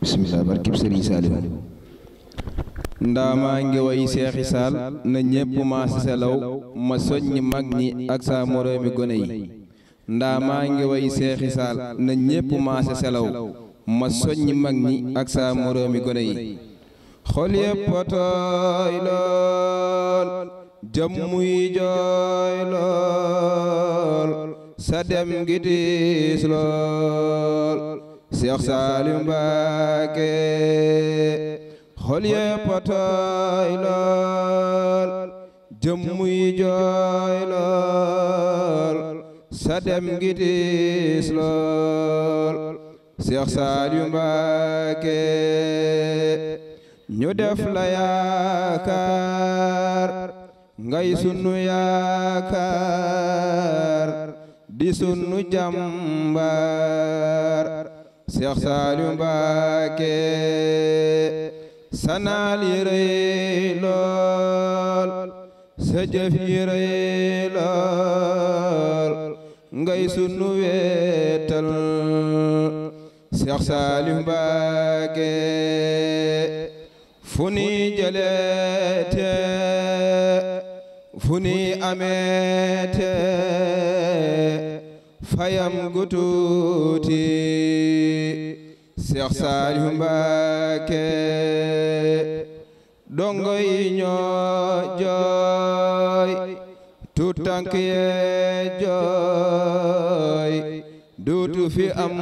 bisimilah barkib sëriñ Saaliw ndaamaa ngi way seexi saal na ñépp maa selaw ma soññ mag ñi ak saa moroomi gone yi ndaamaa ngi way seexi saal na ñépp maa selaw ma soññ mag ñi ak saa moroomi gone yi xol yépp tooy lool jëmm yi jooy lool sa dem gi lool Seex Saaliw Mbàkke xol yépp a tooy lool jëmm yi jooy lool sa dem gi diis lool Seex Saaliw Mbàkke ñu def la yaakaar ngay sunu yaakaar di sunu jàmbaar Seex Saaliw Mbàkke sanaal lool sa jëf lool ngay sunu weetal Seex Saaliw Mbàkke fu ni ameete fayam gu tuuti Seex Saalihu Mbàkke dongo yi ñoo jooy tu tànk yee jooy duutu fi am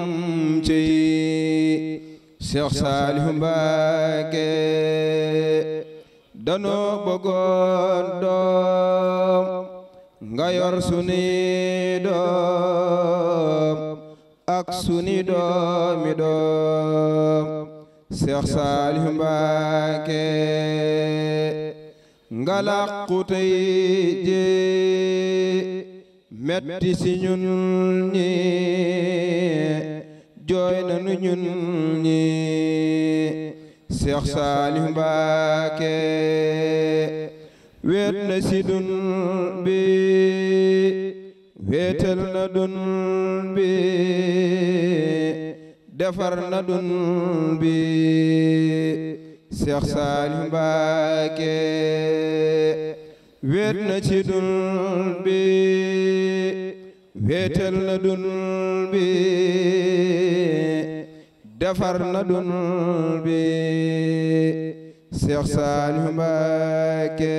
ci Seex Saalihu Mbàkke danoo bëggoon doom nga yor suni doom ak suni doomi doom Seex Saalihu Mbàkke nga làqu tey jee metti si ñun ñi jooy nanu ñun ñi Seex Saalihu Mbàkke weet na si dun bi weetal na dun bi defar na dun bi Seex Saaliw weetal na dun bi defar na dun bi Seex Saaliw Mbàkke